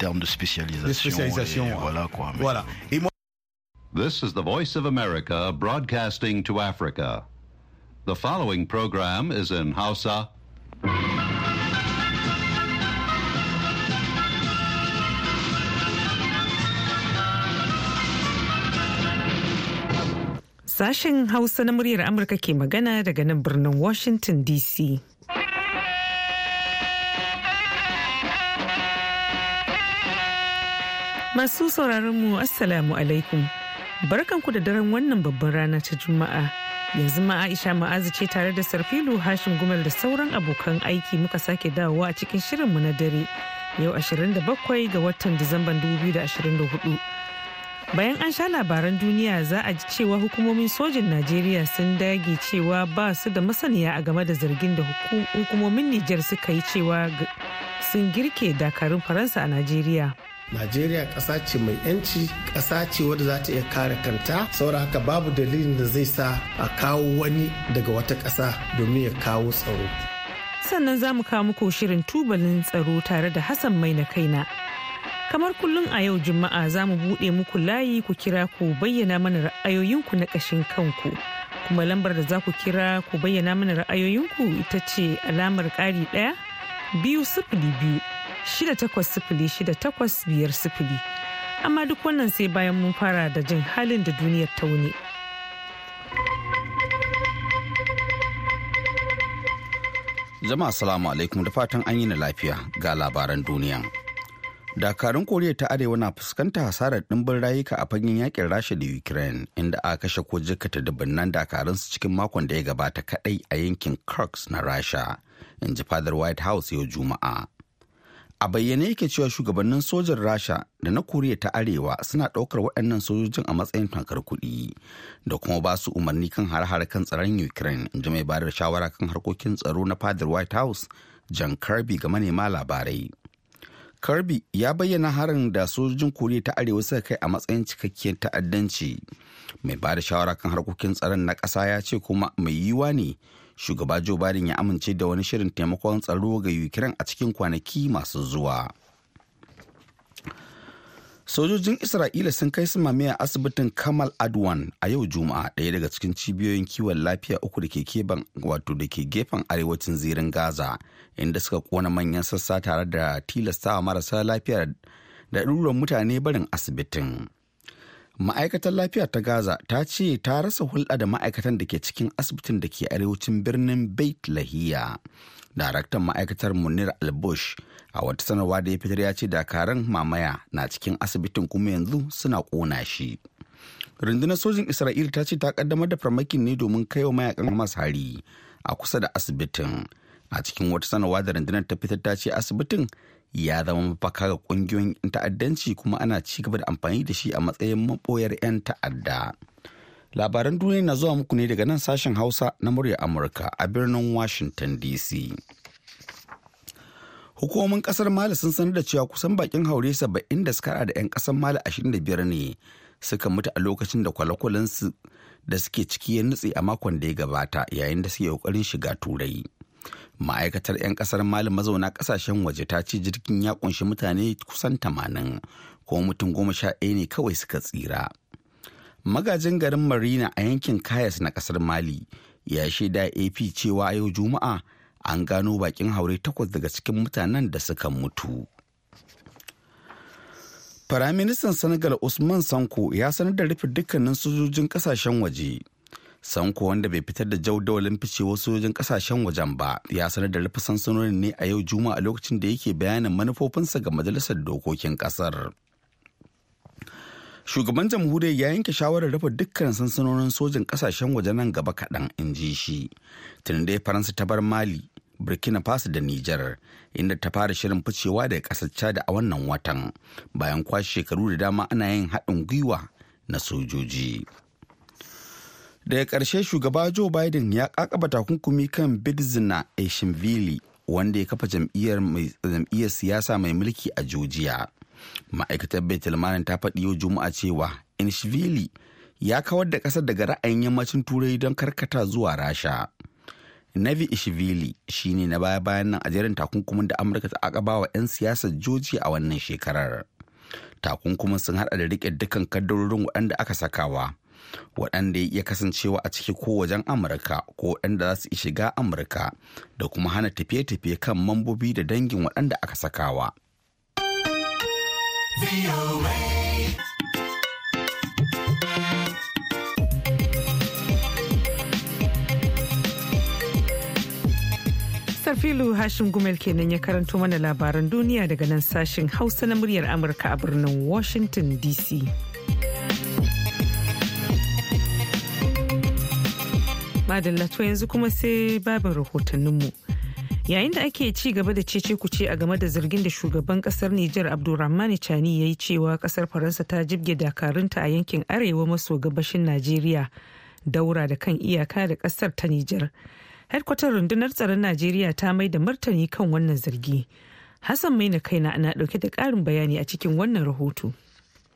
termes de spécialisation. De spécialisation et, Voilà quoi. Mais... Voilà. Et moi... This is the Voice of America broadcasting to Africa. The following program is in Hausa. Sashen Hausa na muryar Amurka ke magana daga nan birnin Washington DC. Masu sauraron mu Assalamu alaikum. Barkanku da daren wannan babban rana ta Juma'a. Yanzu ma Aisha Ma'azu ce tare da Sarfilu Hashin Gumal da sauran abokan aiki muka sake dawowa a cikin shirinmu na dare. Yau 27 ga watan Disamban 2024. Bayan an sha labaran duniya za a ji cewa hukumomin sojin Najeriya sun dage cewa ba su da masaniya a game da zargin da hukumomin Nijar suka yi cewa sun girke dakarun Faransa a Najeriya. najeriya ƙasa ce mai yanci ƙasa ce wadda za ta iya kare kanta saboda haka babu dalilin da zai sa a kawo wani daga wata ƙasa domin ya kawo tsaro sannan za mu kawo muku shirin tubalin tsaro tare da hassan mai na kaina kamar kullum a yau juma'a za mu buɗe muku layi ku kira ku bayyana mana ra'ayoyinku na ƙashin kanku kuma lambar da za ku kira ku bayyana mana ra'ayoyinku ita ce alamar ƙari ɗaya biyu sifili biyu 06806 amma duk wannan sai bayan mun fara da jin halin da duniyar ta wuni. Jama'a salamu alaikum da fatan an yi na lafiya ga labaran duniya. Dakarun Koriya ta Arewa na fuskanta hasarar ɗimbin rayuka a fagen yakin Rasha da Ukraine inda aka kashe ko jikata dubunnan dakarun su cikin makon da ya gabata kadai a yankin kirks na Rasha, in ji fadar White House yau Juma'a. a bayyane yake cewa shugabannin sojan rasha da na koriya ta arewa suna ɗaukar waɗannan sojojin a matsayin tankar kuɗi da kuma ba su umarni kan har-har kan tsaron ukraine in ji mai bayar da shawara kan harkokin tsaro na fadar white house Jan Karbi ga manema labarai Karbi ya bayyana harin da sojojin koriya ta arewa suka kai a matsayin cikakkiyar ta'addanci mai ba da shawara kan harkokin tsaron na ƙasa ya ce kuma mai yiwuwa ne shugaba joe biden ya amince da wani shirin taimakon tsaro ga ukraine a cikin kwanaki masu zuwa sojojin isra'ila sun kai samame a asibitin kamal adwan a yau juma'a ɗaya daga cikin cibiyoyin kiwon lafiya uku da ke keban wato da ke gefen arewacin zirin gaza inda suka kona manyan sassa tare da tilastawa marasa lafiya da ɗaruran mutane barin asibitin ma'aikatar lafiya ta gaza ta ce ta rasa hulɗa da ma'aikatan da ke cikin asibitin da ke arewacin birnin beit lahiya daraktan ma'aikatar munir albush a wata sanarwa da ya fitar ya ce dakaran mamaya na cikin asibitin kuma yanzu suna kona shi rundunar sojin isra'ila ta ce ta kaddamar da farmakin ne domin kai wa mayakan hamas hari a kusa da asibitin a cikin wata sanarwa da rundunar ta fitar ta ce asibitin ya zama mafaka ga kungiyoyin ta'addanci kuma ana ci gaba da amfani da shi a matsayin maboyar 'yan ta'adda labaran duniya na zuwa muku ne daga nan sashen hausa na murya amurka a birnin washington dc hukumomin kasar mali sun sanar da cewa kusan bakin haure saba'in da suka da 'yan kasar mali 25 ne suka mutu a lokacin da kwale-kwalensu da suke ciki ya nutse a makon da ya gabata yayin da suke kokarin shiga turai ma'aikatar 'yan kasar mali mazauna kasashen waje ta ce jirgin ya kunshi mutane kusan tamanin ko mutum goma sha ɗaya ne kawai suka tsira magajin garin marina a yankin kayas na kasar mali ya shaida ap cewa yau juma'a an gano bakin haure takwas daga cikin mutanen da suka mutu Firaministan Senegal Usman Sanko ya sanar da rufe dukkanin sojojin kasashen waje sanko wanda bai fitar da jaudawalin ficewar sojojin kasashen wajen ba ya sanar da rufe sansanonin ne a yau juma'a a lokacin da yake bayanin manufofinsa ga majalisar dokokin kasar shugaban jamhuriyar ya yanke shawarar rufe dukkan sansanonin sojin kasashen waje nan gaba kaɗan in ji shi dai faransa ta bar mali burkina faso da nijar inda ta fara shirin ficewa da ƙasar chad a wannan watan bayan kwashe shekaru da dama ana yin haɗin gwiwa na sojoji. daga ƙarshe shugaba joe biden ya kakaba takunkumi kan bidzina eshimvili wanda ya kafa jam'iyyar siyasa mai mulki a georgia ma'aikatar betulmanin ta faɗi yau juma'a cewa eshinvili ya kawar da ƙasar daga ra'ayin yammacin turai don karkata zuwa rasha navi ishvili shine na baya bayan nan a jerin takunkumin da amurka ta akabawa wa 'yan siyasar georgia a wannan shekarar takunkumin sun haɗa da rike dukkan kaddarorin waɗanda aka sakawa waɗanda ya iya kasancewa a ciki ko wajen amurka ko waɗanda za su shiga amurka da kuma hana tafiye-tafiye kan mambobi da dangin waɗanda aka sakawa. Filu Hashim Gumel kenan ya karanto mana labaran duniya daga nan sashen Hausa na muryar Amurka a birnin Washington DC. Madalla to yanzu kuma sai babin rahotanninmu. Yayin da ake ci gaba da cece kuce a game da zargin da shugaban kasar Nijar abdulrahman Chani ya yi cewa kasar Faransa ta jibge dakarunta a yankin arewa maso gabashin Najeriya daura da kan iyaka da kasar ta Nijar. Hedkwatar rundunar tsaron Najeriya ta mai da martani kan wannan zargi. Hassan mai na kaina ana dauke da karin bayani a cikin wannan rahoto.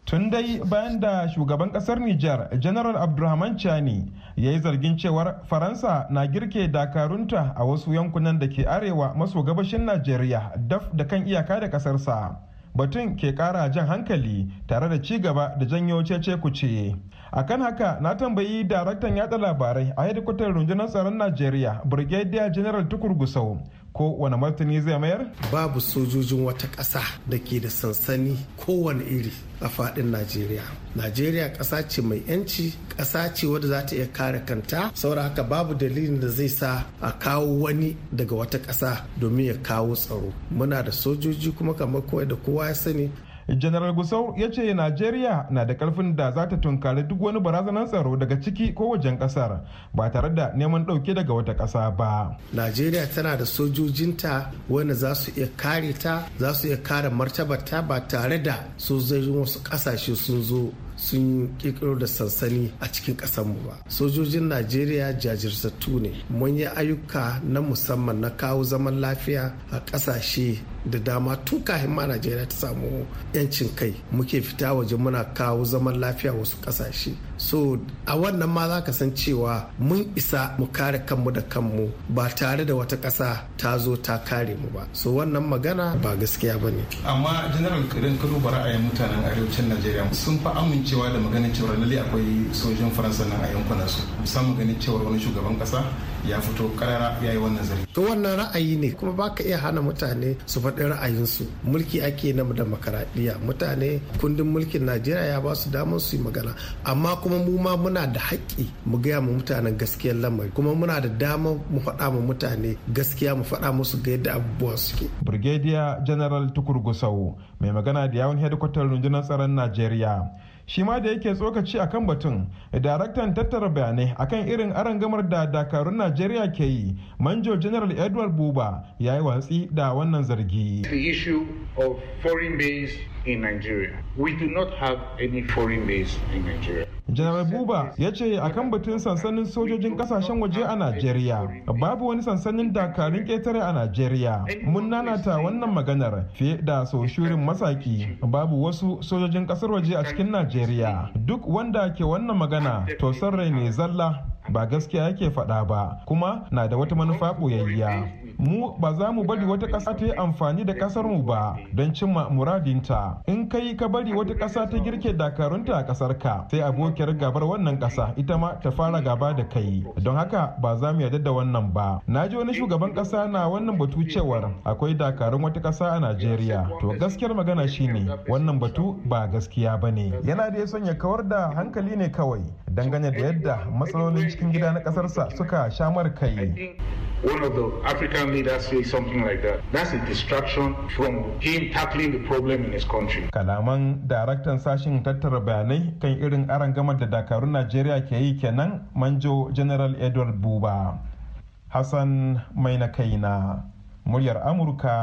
tun dai bayan da shugaban kasar Nijar General Abdulrahman Chani ya yi zargin cewar Faransa na girke dakarunta a wasu yankunan da ke arewa maso gabashin Najeriya daf da kan iyaka da kasarsa. Batun ke kara jan hankali tare da ci gaba da janyo cece kuce. akan haka na tambayi daraktan yada labarai a hedikwatar rundunar tsaron Najeriya Brigadier General Tukur Gusau ko wani martani zai mayar? Babu sojojin wata ƙasa da ke da sansani kowane iri a faɗin Najeriya. Najeriya ƙasa ce mai 'yanci, ƙasa ce wadda za ta iya kare kanta, saura haka babu dalilin da zai sa a kawo wani daga wata ƙasa domin ya kawo tsaro. Muna da sojoji kuma kamar kowai da kowa ya sani General Gusau ya ce Najeriya na da karfin da za ta tunkari duk wani barazanar tsaro daga ciki ko wajen kasar ba tare da neman ɗauke daga wata ƙasa ba. Najeriya tana da sojojinta wanda za su iya kare ta za su iya kare martabarta ba tare da sojojin wasu ƙasashe sun zo sun kirkiro da sansani a cikin ƙasarmu ba sojojin najeriya jajirtattu ne mun yi ayyuka na musamman na kawo zaman lafiya a ƙasashe da dama tun kafin ma najeriya ta samu 'yancin kai muke fita waje muna kawo zaman lafiya wasu ƙasashe so a wannan ma za ka san cewa mun isa mu kare kanmu da kanmu ba tare da wata ƙasa ta zo ta kare mu ba so wannan magana ba gaskiya ba ne amma general idan kano ba ra'ayin mutanen arewacin najeriya sun fi amincewa da maganin cewa lalle akwai sojin faransa nan a yankunan su musamman ganin cewa wani shugaban ƙasa ya fito karara ya yi wannan zargi. to wannan ra'ayi ne kuma baka iya hana mutane su faɗi su mulki ake na demokaradiyya mutane kundin mulkin najeriya ya ba su damar su yi magana amma kuma mu ma muna da haƙƙi mu gaya mu mutanen gaskiyar lamari kuma muna da dama mu faɗa mu mutane gaskiya mu faɗa musu ga yadda abubuwa suke. brigadier general tukur gusau mai magana da yawon hedikwatar rundunar tsaron najeriya shi ma da yake tsokaci akan batun daraktan tattara bayanai akan irin arangamar da dakarun najeriya ke yi manjo general edward buba ya yi watsi da wannan zargi of in Nigeria. We do not have any foreign base in Nigeria. janar buba ya ce akan batun sansanin sojojin kasashen waje a najeriya babu wani sansanin dakarun ƙetare a najeriya mun nanata wannan maganar fiye da soshurin masaki babu wasu sojojin kasar waje a cikin najeriya duk wanda ke wannan magana to rai ne zalla ba gaskiya yake faɗa ba kuma na da wata manufa ɓoyayya mu ba za mu bari wata ƙasa ta yi amfani da ƙasar mu ba don cimma muradinta in kai ka bari wata ƙasa ta girke dakarunta a ƙasar ka sai abokiyar gabar wannan ƙasa ita ma ta fara gaba da kai don haka ba za mu yarda da wannan ba na ji wani shugaban ƙasa na wannan batu cewar akwai dakarun wata ƙasa a najeriya to gaskiyar magana shine wannan batu ba gaskiya ba ne yana da ya sanya kawar da hankali ne kawai dangane da yadda matsalolin cikin gida na ƙasarsa suka shamar kai One of the African leader say something like that, that's a distraction from him tackling the problem in his country. Kalaman daraktan sashen tattara bayanai kan irin arangamar da dakarun Najeriya ke yi kenan manjo General Edward Buba. Hassan mai na kaina, muryar Amurka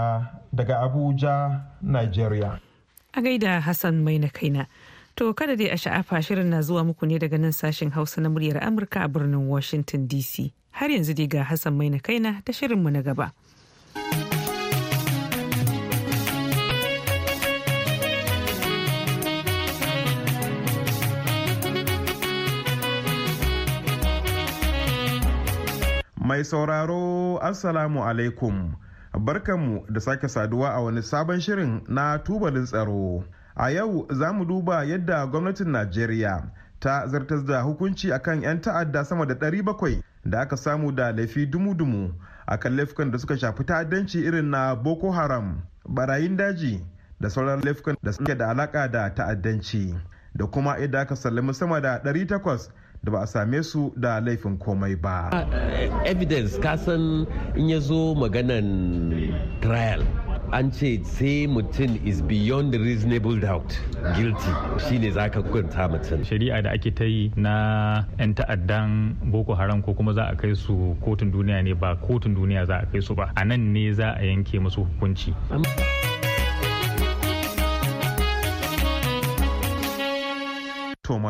daga Abuja, nigeria. A gaida Hassan mai na kaina. To kada dai a sha'afa shirin na zuwa muku ne daga nan sashen Hausa na muryar Amurka a birnin Washington DC. har yanzu dai ga Hassan Maina kaina ta shirinmu na gaba. Mai sauraro Assalamu alaikum. Barkanmu da sake saduwa a wani sabon shirin na tubalin tsaro. A yau za mu duba yadda gwamnatin Najeriya ta zartas da hukunci akan 'yan ta'adda sama da 700 da aka samu da laifi dumu-dumu a kan laifukan da suka shafi ta'addanci irin na boko haram barayin daji da sauran laifukan da suke da alaka da ta'addanci da kuma idan aka sallami sama da 800 da ba a same su da laifin komai ba evidence kasan in ya zo maganan trial an ce sai mutum is beyond reasonable doubt guilty shine za ka kwanta mutum shari'a da ake ta yi na 'yan ta'addan boko haram ko kuma za a kai su kotun duniya ne ba kotun duniya za a kai su ba a nan ne za a yanke musu hukunci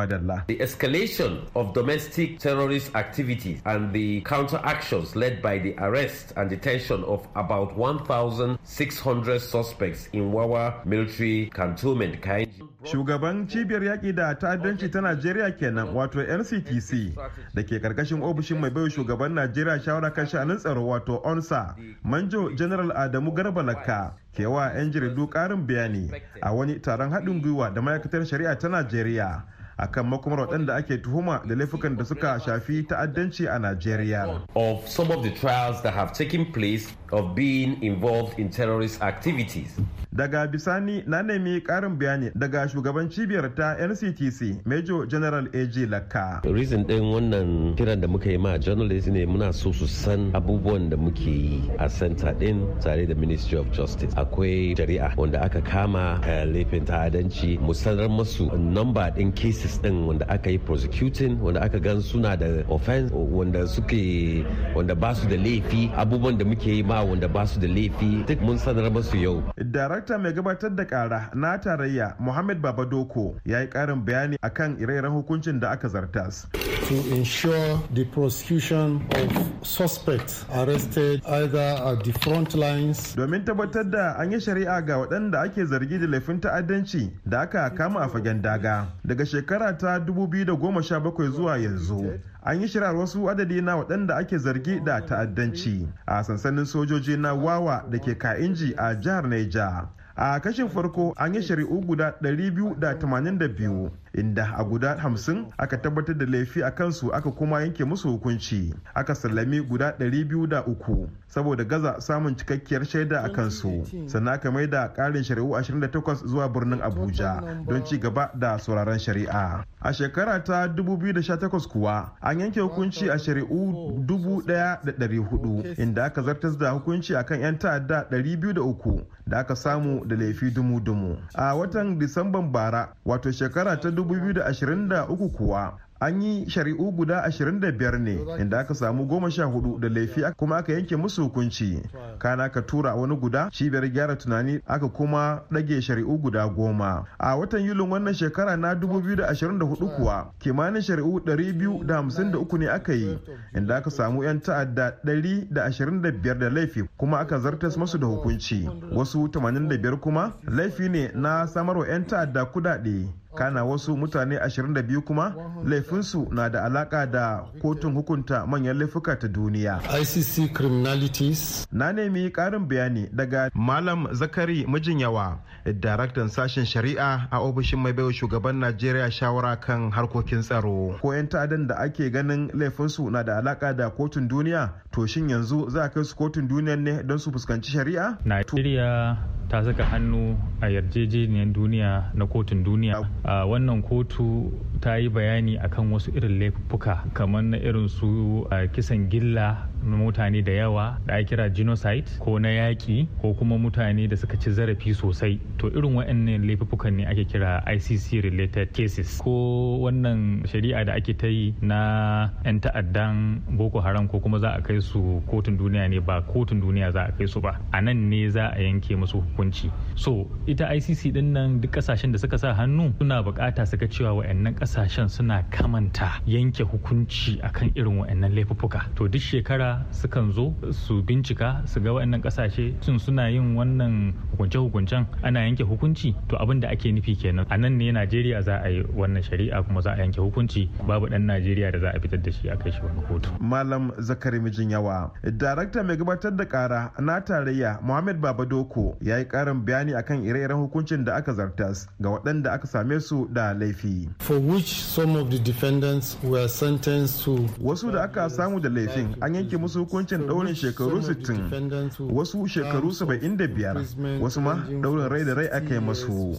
madalla. The escalation of domestic terrorist activities and the counteractions led by the arrest and detention of about 1,600 suspects in Wawa military cantonment Kainji. Shugaban cibiyar yaƙi da ta'addanci ta Najeriya kenan wato NCTC da ke karkashin ofishin mai baiwa shugaban Najeriya shawara kan sha'anin tsaro wato ONSA Manjo General Adamu Garba Lakka kewa 'yan jaridu ƙarin bayani a wani taron haɗin gwiwa da ma'aikatar shari'a ta Najeriya akan makomar waɗanda ake tuhuma da laifukan da suka shafi ta'addanci a Najeriya. Of some of the trials that have taken place of being involved in terrorist activities. Daga bisani na nemi ƙarin bayani daga shugaban cibiyar ta NCTC Major General AG Lakka. Reason ɗin wannan kiran da muka yi ma journalist ne muna so su san abubuwan da muke yi a center ɗin tare da Ministry of Justice. Akwai jari'a wanda aka kama eh, laifin ta'addanci mu sanar masu number ɗin cases cases din wanda aka yi prosecuting wanda aka gan suna da offense wanda suke wanda ba su da laifi abubuwan da muke yi ma wanda ba su da laifi duk mun sanar masu yau. Darakta mai gabatar da kara na tarayya Muhammad Babadoko ya yi karin bayani akan ire-iren hukuncin da aka zartas. To ensure the prosecution of suspects arrested either at the front lines. Domin tabbatar da an yi shari'a ga waɗanda ake zargi da laifin ta'addanci da aka kama a fagen daga daga shekaru shekara ta 2017 zuwa yanzu an yi shirar wasu adadi na waɗanda ake zargi da ta'addanci a sansanin sojoji na wawa da ke ka inji a jihar Neja. a kashin farko an yi shari'u guda 282 inda a guda hamsin aka tabbatar da laifi a kansu aka kuma yanke musu hukunci aka sallami guda ɗari biyu da uku saboda gaza samun cikakkiyar shaida a kansu sannan aka maida ƙarin shari'u 28 zuwa birnin abuja don ci gaba da sauraron shari'a a shekara ta 2018 kuwa an yanke hukunci a shari'u 1,400 inda aka zartas da hukunci akan 'yan ta'adda 203 da aka samu da laifi dumu-dumu a watan disamban bara wato shekara ta 2023 kuwa an yi shari'u guda 25 ne inda aka samu goma sha hudu da laifi kuma aka yanke musu hukunci kana ka tura wani guda cibiyar gyara tunani aka kuma ɗage shari'u guda goma a watan yulin wannan shekara na 2024 kuwa kimanin shari'u 253 ne aka yi inda aka samu 'yan ta'adda 125 da laifi kuma aka zartas masu da hukunci wasu 85 kuma laifi ne na samarwa 'yan ta'adda kudade kana wasu mutane 22 kuma laifinsu na da alaka da kotun hukunta manyan laifuka ta duniya icc criminalities na nemi karin bayani daga malam zakari mijinyawa daraktan sashen shari'a a ofishin mai baiwa shugaban najeriya shawara kan harkokin tsaro ko 'yan ta'adan da ake ganin laifinsu na da alaka da kotun duniya to shin yanzu za a kai su kotun duniya ne don su fuskanci shari'a? nigeria ta saka hannu a yarjejeniyar duniya na kotun duniya. A wannan kotu ta yi bayani akan wasu irin laifuka kamar na irin su kisan gilla mutane da yawa da ake kira genocide ko na yaƙi ko kuma mutane da suka ci zarafi sosai to irin waɗannan laifukan ne ake kira ICC related cases ko wannan shari'a da ake ta yi na 'yan ta'addan Boko Haram ko kuma za a kai su kotun duniya ne ba kotun duniya za a kai su ba a nan ne za a yanke musu hukunci so ita ICC din nan duk kasashen da suka sa hannu suna bukata suka cewa waɗannan kasashen suna kamanta yanke hukunci akan irin waɗannan laifuka to duk shekara sukan zo su bincika su ga waɗannan ƙasashe cin suna yin wannan hukunce-hukuncen ana yanke hukunci to abin da ake nufi kenan a nan ne najeriya za a yi wannan shari'a kuma za a yanke hukunci babu ɗan najeriya da za a fitar da shi a kai shi wani kotu. malam zakari mijin yawa darakta mai gabatar da kara na tarayya muhammad babadoko ya yi karin bayani akan ire-iren hukuncin da aka zartas ga waɗanda aka same su da laifi. for which some of the defendants were sentenced to. wasu da aka samu da laifin an yanke musu hukuncin daurin shekaru 60 wasu shekaru 75 wasu ma daurin rai da rai aka yi masu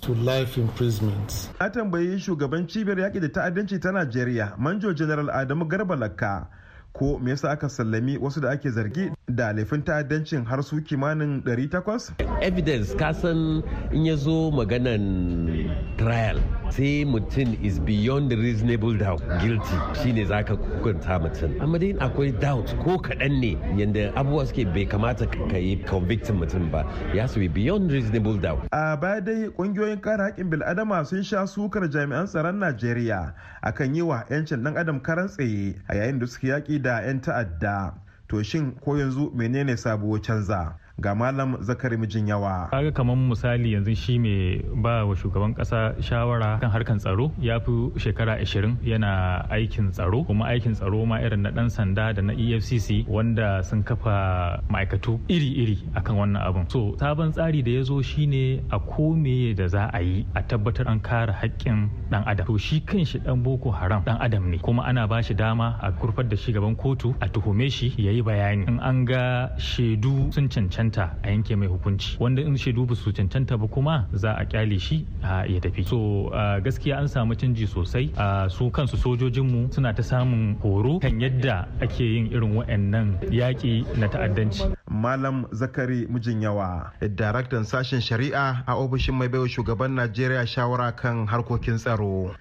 a tambayi shugaban cibiyar yaƙi da ta'addanci ta najeriya manjo general adamu garba lakka ko me yasa aka sallami wasu da ake zargi da laifin ta'addancin har su kimanin 800? evidence kasan in ya zo maganan trial sai mutum is beyond reasonable doubt guilty shine za ka hukunta mutum amma dai akwai doubt ko kaɗan ne yadda abubuwa suke bai kamata ka yi convicting mutum ba ya su beyond reasonable doubt a baya dai ƙungiyoyin kare haƙƙin bil'adama sun sha sukar jami'an tsaron najeriya akan yi wa 'yancin ɗan adam karan tsaye a yayin da suke yaƙi da 'yan ta'adda to shin ko yanzu menene sabuwar canza ga malam zakari mijin yawa kaga kamar misali yanzu shi mai ba wa shugaban kasa shawara kan harkan tsaro ya fi shekara 20 yana aikin tsaro kuma aikin tsaro ma irin na dan sanda da na efcc wanda sun kafa ma'aikatu iri-iri akan wannan abun so sabon tsari da ya zo shine a kome da za a yi a tabbatar an kare haƙƙin dan adam to shi kan shi dan boko haram dan adam ne kuma ana ba shi dama a kurfar da shi gaban kotu a tuhume shi ya yi bayani in an ga shaidu sun cancanta cancanta a yanke mai hukunci wanda in shaidu ba su cancanta ba kuma za a kyale shi a ya tafi so gaskiya an samu canji sosai a su kansu sojojinmu suna ta samun horo kan yadda ake yin irin waɗannan yaƙi na ta'addanci Malam Zakari mijin yawa daraktan sashen shari'a a ofishin mai baiwa shugaban Najeriya shawara kan harkokin tsaro.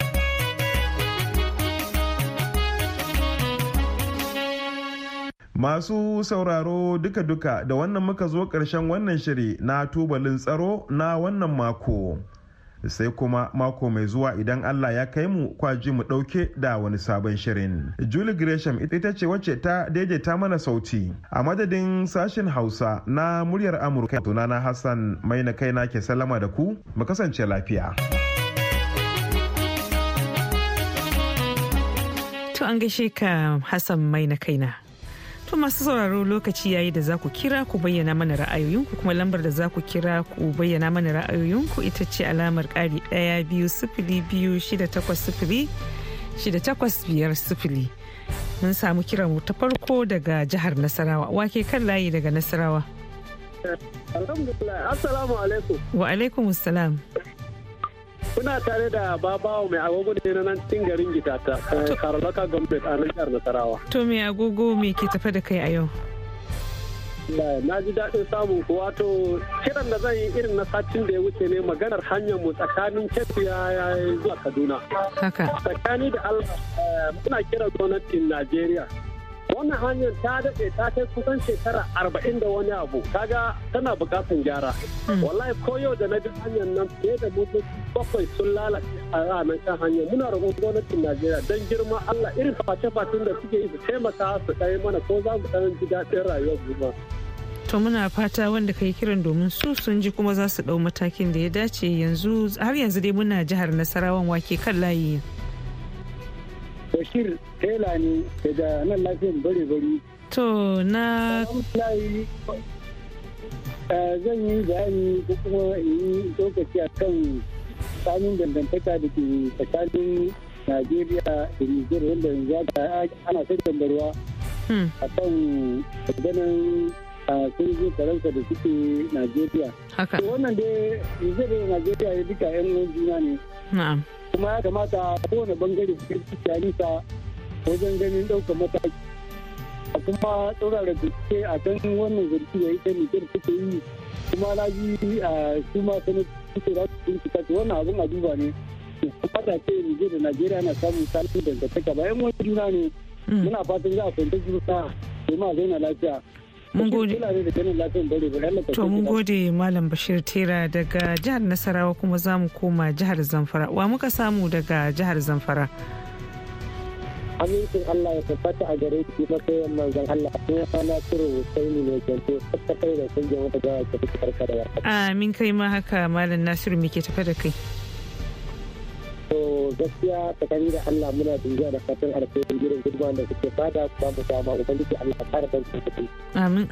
Masu sauraro duka-duka da wannan muka zo ƙarshen wannan shiri na tubalin tsaro na wannan mako. Sai kuma mako mai zuwa idan Allah ya kai mu kwaji mu ɗauke da wani sabon shirin. Julie Gresham ita ce wacce ta daidaita mana sauti. A madadin sashen Hausa na muryar Amurka tunana Hassan mai na kai ke salama da ku, mu kasance lafiya. To an gaishe ka Hassan mai na kaina. kuma masu sauraro lokaci yayi da za ku kira ku bayyana mana ra'ayoyinku kuma lambar da za ku kira ku bayyana mana ra'ayoyinku ita ce alamar kari ɗaya biyu sifili biyu shida takwas sifili shida takwas biyar sifili. Mun samu kiran mu ta farko daga jihar Nasarawa. Wake kan layi daga Nasarawa. Alhamdulillah, Assalamu alaikum. Wa alaikum salam. Kuna tare da babawa mai agogo ne na nan cikin garin ta eh, Karolaka Gombe a nan jihar Nasarawa. To mai agogo me ke tafe da kai a yau? na ji daɗin samun ku wato kiran da zan yi irin na satin da ya wuce ne maganar hanyar mu tsakanin kefi ya zuwa kaduna haka tsakani da allah eh, muna kiran gwamnatin najeriya wannan hanyar ta daɗe ta kai kusan shekara arba'in da wani abu kaga tana buƙatar gyara hmm. wallahi ko yau da na bi hanyar nan fiye da motoci bakwai sun lalace a ranar kan hanyar muna roƙon gwamnatin najeriya don girma allah irin face-facen da suke yi su taimaka su kai mana ko za mu ɗan ji daɗin rayuwar mu to muna fata wanda ka kiran domin su sun ji kuma za su ɗau matakin da ya dace yanzu har yanzu dai muna jihar nasarawan wake kan layi. bashir tela ne daga nan lafiyan bare bari to na zan yi bayani ko kuma yi lokaci a kan tsamin dandantaka da ke tsakanin najeriya da nijar wanda yanzu ana sai dambarwa hmm. a kan ganin a sun zo faransa da suke najeriya wannan dai nijar da najeriya ya duka yan juna ne kuma ya kamata kowane bangare su kirki ta wajen ganin ɗaukar mataki a kuma tsorara bincike a kan wannan zargi da ita ne kyan suke yi kuma na a su ma sanar suke za su bincika ta wannan abin a duba ne kuma da ce Nijar da Najeriya na samun samun dangantaka bayan wani juna ne mm. muna fatan za a fahimta juna domin a zauna lafiya gode to mun gode malam bashir tera daga jihar nasarawa kuma za mu koma jihar zamfara wa muka samu daga jihar zamfara amincin Allah ya tabbata a gare masu yin manzan Allah sun yi kwana turu husaini ne tattakai da kungiyar wata gawa ta fi karkara amin kai ma haka malam nasiru muke tafa da kai to gaskiya tsakani da Allah muna duniya da fatan alkhairin irin gudunmawar da suke fada kuma mu dama ubangiji Allah kare kan su amin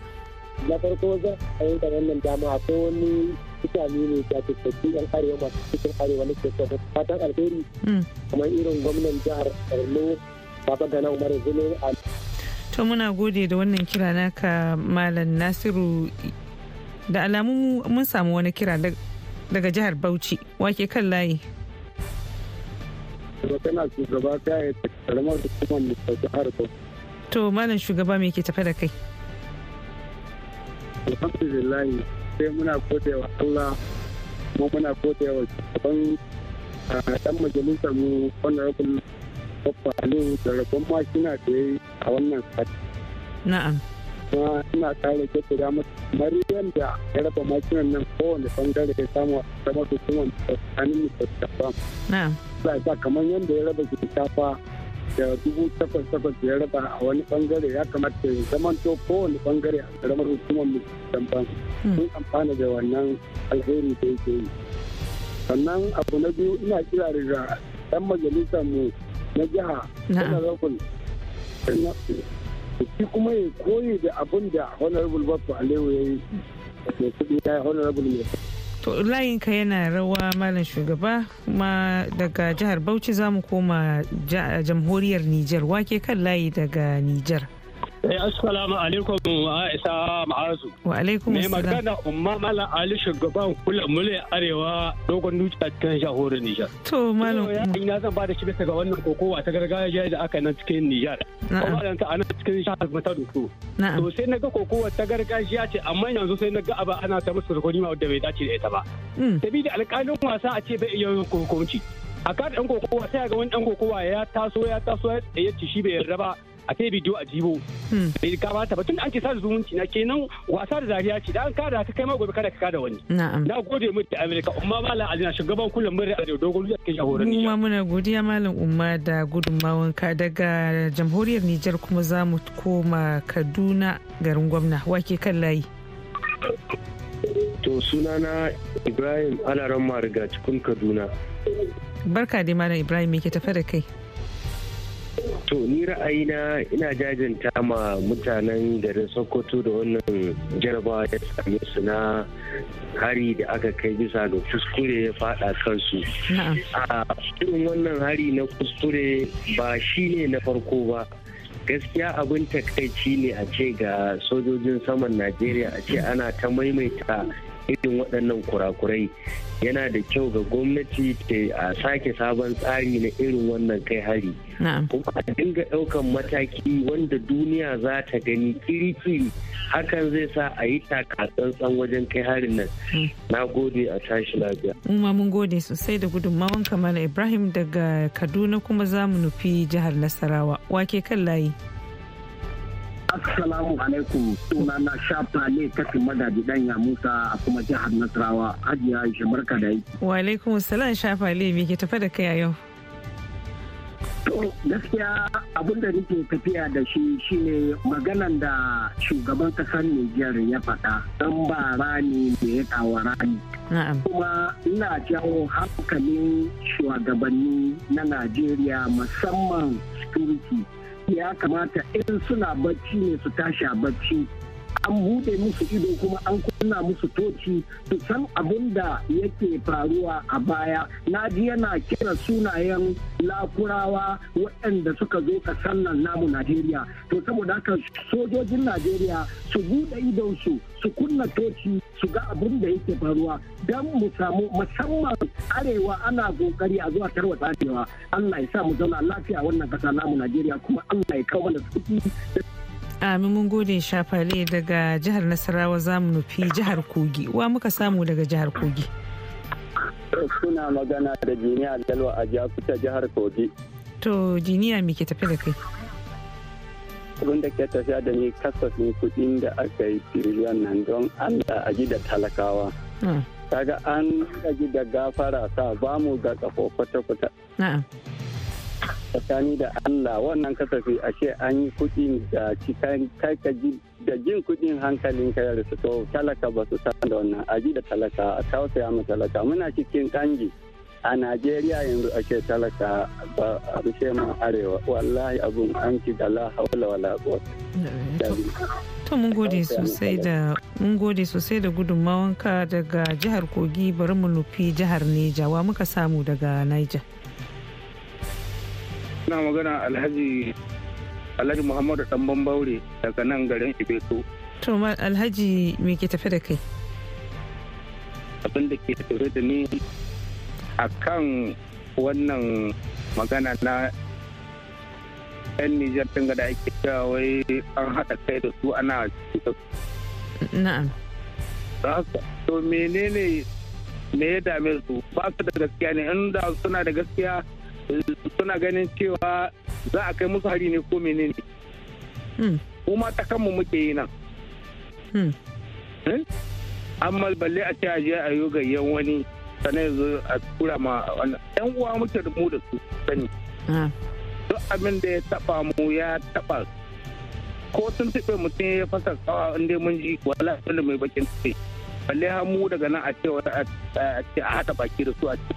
na farko zan ayyuka wannan dama akwai wani mutane ne da tattaki yan arewa masu cikin arewa na ke fatan alheri hmm. kamar irin gwamnan jihar Borno Baba Gana Umar Zulun To muna gode da wannan kira naka Malam Nasiru da alamu mun samu wani kira daga jihar Bauchi wake kan layi. kana yi da to malam shugaba me ke tafe da kai Alhamdulillahi sai muna gode wa Allah kuma muna gode wa shugaban dan majalisar mu honorable Papa Aliyu da rabon makina da ya yi a wannan sati. Na'am. Kuma ina kare ke da masu mariyan da ya raba makinan nan kowane bangare ya samu a samar hukumar tsakanin mu da Na'am. Allah kamar yadda ya raba shinkafa da dubu takwas takwas ya raba a wani bangare ya kamata ya zaman to kowane bangare a karamar hukumar musamman sun hmm. amfana da wannan alheri da yake yi sannan abu na biyu ina kira daga dan majalisar mu na jiha honorable shi kuma ya koyi da abin da honorable bafu alewu ya yi da kudi ya yi honorable mai to layinka yana rawa malam shugaba kuma daga jihar bauchi za mu koma jamhuriyar niger wake kan layi daga niger Eh, assalamu alaikum Aisha Ma'azu. Wa alaikum assalam. Mai magana Umma Mala Ali shugaban kula mule arewa dogon nuta kan jahorin Nijar. To malam. Ina zan ba da shi bisa ga wannan kokowa ta gargajiya da aka nan cikin Nijar. Na'am. yanzu ana cikin shahar Mata Duku. Na'am. To sai naga kokowa ta gargajiya ce amma yanzu sai naga aba ana ta musu rukuni ma wanda bai dace da ita ba. Mm. Sabida alƙalin wasa a ce bai iya yin kokonci. a kan ɗan kokowa sai ga wani ɗan kokowa ya taso ya taso ya ci shi bai yarda ba a sai bidiyo a jibo hmm. bai kamata ba tun an ce sada zumunci na kenan wasa da dariya ce da an kada ka kai ma gobe kada ka kada wani na gode mu ta amerika umma malam azina shugaban kullum mun da dogon ruwa cikin jahoran nijar kuma muna godiya malam umma da gudunmawan ka daga jamhuriyar nijar kuma za mu koma kaduna garin gwamna wake kan layi to sunana ibrahim alaran mariga cikin kaduna barka dai malam ibrahim me ke tafe da kai to ni ra'ayina ina jajanta ma mutanen garin sokoto da wannan jarabawa ya same su na hari da aka kai bisa ga kuskure ya fada kansu a irin wannan hari na kuskure ba shi ne na farko ba gaskiya abin takaici ne a ce ga sojojin saman najeriya a ce ana ta maimaita irin waɗannan kurakurai yana da kyau ga gwamnati ta sake sabon tsari na irin wannan kai hari kuma a dinga ɗaukan mataki wanda duniya za ta gani kiri-kiri hakan zai sa a yi takatsantsan wajen kai harin nan hmm. na gode a tashi lafiya ma mun gode sosai da gudunmawan kamar ibrahim daga kaduna kuma za mu nufi jihar nasarawa wake kan layi Assalamu alaikum suna na shafa ne kafin magaji dan ya Musa a kuma jihar Nasarawa Hajiya ya barka da yi. Wa alaikum salam shafa ne me ke tafa da kai To gaskiya abinda tafiya da shi shine maganan da shugaban kasar Nijar ya faɗa dan ba rani da ya kawo rani. Kuma ina jawo hankalin shugabanni na Najeriya musamman security ya kamata in suna bacci ne su tashi a bacci an buɗe musu ido kuma an kunna musu toci su san abin da yake faruwa a baya na ji yana kira sunayen lakurawa waɗanda suka zo ƙasar nan namu najeriya to saboda haka sojojin najeriya su buɗe idonsu su kunna toci su ga abin da yake faruwa don mu samu musamman arewa ana kokari a zuwa tarwata arewa allah ya sa mu zauna lafiya wannan ƙasa namu najeriya kuma allah ya kawo mana sukuki Amin mun gode shafare daga jihar Nasarawa za mu nufi jihar Kogi. Wa muka samu daga jihar Kogi? Suna magana da jiniya dalwa a jakuta jihar Kogi. To jiniya me ke tafi da kai? Kudin da ke tafiya da ni kasafin kuɗin da aka yi tiriliyan nan don an da a da talakawa. Ah. Kaga an gaji da gafara sa ba mu ga kafo kwata tsakani da Allah wannan kasafi a ce an yi kuɗi da cikin kai ka ji da jin kuɗin hankalin ka yarda to talaka ba su san da wannan aji da talaka a tausaya ma talaka muna cikin kangi a Najeriya yanzu ake talaka ba a rushe ma arewa wallahi abun an ci da la hawla wala to mun gode sosai da mun gode sosai da gudunmawanka daga jihar Kogi bari mu nufi jihar Neja wa muka samu daga Niger Ina magana Alhaji Alhaji Muhammadu Dan Bambaure daga nan garin Ibeto. To ma Alhaji me ke tafi da kai? Abin da ke tafi da ni a kan wannan magana na 'yan Nijar ɗin da ake cewa wai an haɗa kai da su ana cutar. Na'am. To menene me ya dame su ba su da gaskiya ne in da suna da gaskiya suna ganin cewa za a kai musu hari ne ko menene kuma hmm. ta kanmu muke yi nan hmm. Hmm? amma balle a ce a je a yi gayyan wani sannan yanzu a tura ma wannan yan uwa muke da mu da su sani ah. duk abin da ya taba mu ya taba ko sun tafe mutum ya fasa kawa inda mun ji wala da mai bakin tafe balle mu daga nan a ce a hada baki da su a ce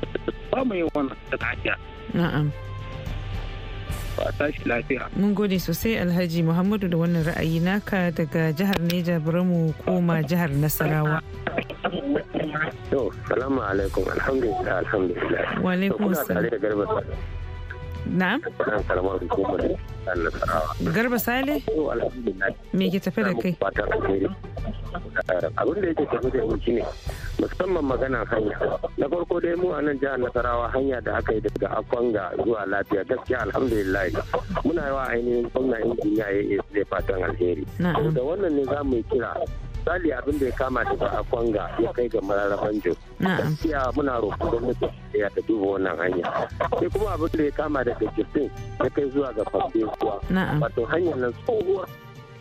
ba mu yi wannan da ta na'am a tashi lafiya. Mun gode sosai Alhaji Muhammadu da wannan ra'ayi naka daga jihar Neja buramu koma jihar Nasarawa. To, salamu alaikum, alhamdulillah, alhamdulillah. Wa alaikum salam. Na'am? Kuna salamu alaikum, Nasarawa. Garba Sale? To, alhamdulillah. Me ke tafi da kai? Abin da yake tafi da mu ne. musamman magana hanya na farko dai mu a nan jihar nasarawa hanya da aka yi daga akwanga zuwa lafiya gaskiya alhamdulillah muna yawa ainihin gwamna injiniya ya zai fatan alheri da wannan ne za mu yi kira misali abin da ya kama daga akwanga ya kai ga mararraban jo gaskiya muna roƙon gwamnati ya ta duba wannan hanya sai kuma abin da ya kama daga jirgin ya kai zuwa ga kuwa wato hanyar nan tsohuwar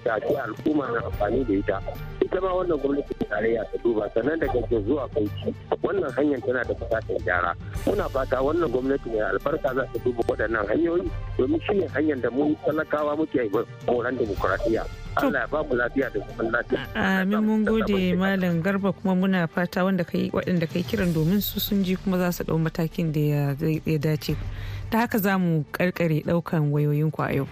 ta ce al'umma na amfani da ita ita ma wannan gwamnati ta tarayya ta duba sannan daga ke zuwa kauci wannan hanyar tana da bukatar gyara muna fata wannan gwamnati mai albarka za ta duba waɗannan hanyoyi domin shi ne hanyar da mu talakawa muke moran demokuraɗiyya Allah ba mu lafiya da zaman lafiya. Amin mun gode Malam Garba kuma muna fata wanda kai waɗanda kai kiran domin su sun ji kuma za su ɗau matakin da ya dace. Ta haka za mu karkare ɗaukan wayoyinku a yau.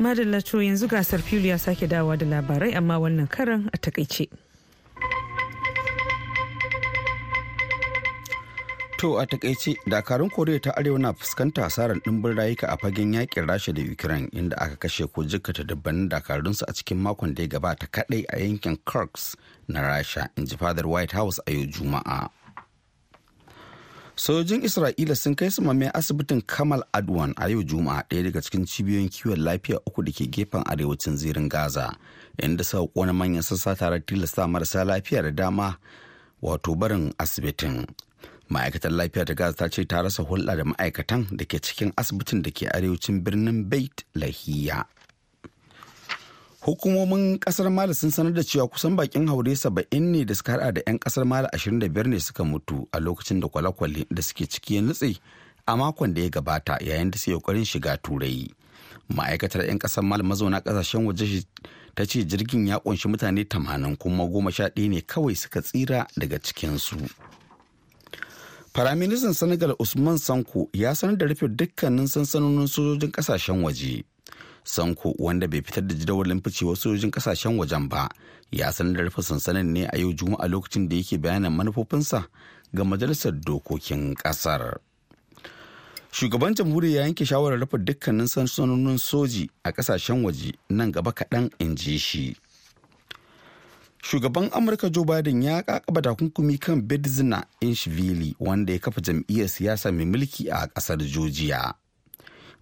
Madalla yanzu gasar fili ya sake dawa da labarai amma wannan karan a takaice. To a takaice dakarun Koriya ta Arewa na fuskanta asarar dimbin rayuka a fagen yakin Rasha da Ukraine inda aka kashe ko jikkata dabbanin dakarunsu a cikin makon da ya gabata kadai a yankin Kirks na Rasha in ji fadar White House a yau Juma'a. sojojin isra'ila sun kai su samame asibitin kamal adwan a yau juma'a ɗaya daga cikin cibiyoyin kiwon lafiya uku da ke gefen arewacin zirin gaza inda suka kona manyan sassa tare tilasta marasa lafiya da dama wato barin asibitin ma'aikatar lafiya ta gaza ta ce ta rasa hulɗa da ma'aikatan da ke cikin asibitin da ke arewacin birnin bait lahiya hukumomin kasar mali sun sanar da cewa kusan bakin haure saba'in ne da suka hada da 'yan kasar mali 25 ne suka mutu a lokacin da kwale-kwale da suke ciki ya nutse a makon da ya gabata yayin da su yi shiga turai ma'aikatar 'yan kasar mali mazauna kasashen waje ta ce jirgin ya kunshi mutane tamanin kuma goma sha ɗaya ne kawai suka tsira daga cikinsu firaministan senegal usman sanko ya sanar da rufe dukkanin sansanonin sojojin kasashen waje sanko wanda bai fitar da jadawalin ficewar sojojin kasashen wajen ba ya sanar da rufe sansanin ne a yau juma'a lokacin da yake bayanin manufofinsa ga majalisar dokokin kasar shugaban jamhuriya ya yanke shawarar rufe dukkanin sansanonin soji a kasashen waje nan gaba kaɗan in ji shi shugaban amurka joe biden ya kakaba takunkumi kan bedzina inshvili wanda ya kafa jam'iyyar siyasa mai mulki a ƙasar georgia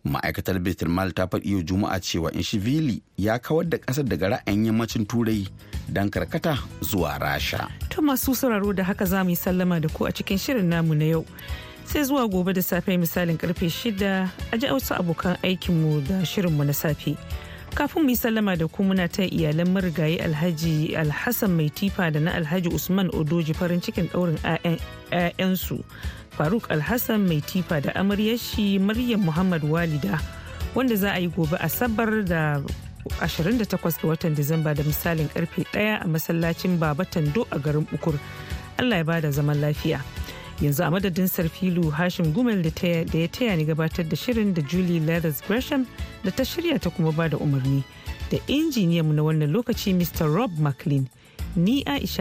ma'aikatar mal ta faɗi yau juma'a cewa inshivili ya kawar da ƙasar daga ra'ayin yammacin turai don karkata zuwa rasha ta masu sauraro da haka za mu yi sallama da ku a cikin shirin namu na yau sai zuwa gobe da safe misalin karfe shida a ji wasu abokan aikinmu da shirinmu na safe kafin mu yi sallama da ku muna ta iyalan marigayi alhaji alhassan mai tifa da na alhaji usman odoji farin cikin ɗaurin 'ya'yansu faruk alhassan mai tifa da amaryar shi maryam muhammad walida wanda za a yi gobe a sabar da 28 ga watan disamba da misalin karfe 1 a masallacin baba tando a garin ukur allah ya bada zaman lafiya yanzu a madadin sarfilu hashim gumel da ya taya ni gabatar da shirin da julie leathers gresham da ta shirya ta kuma bada umarni da injiniyanmu na wannan lokaci mr rob mclean ni aisha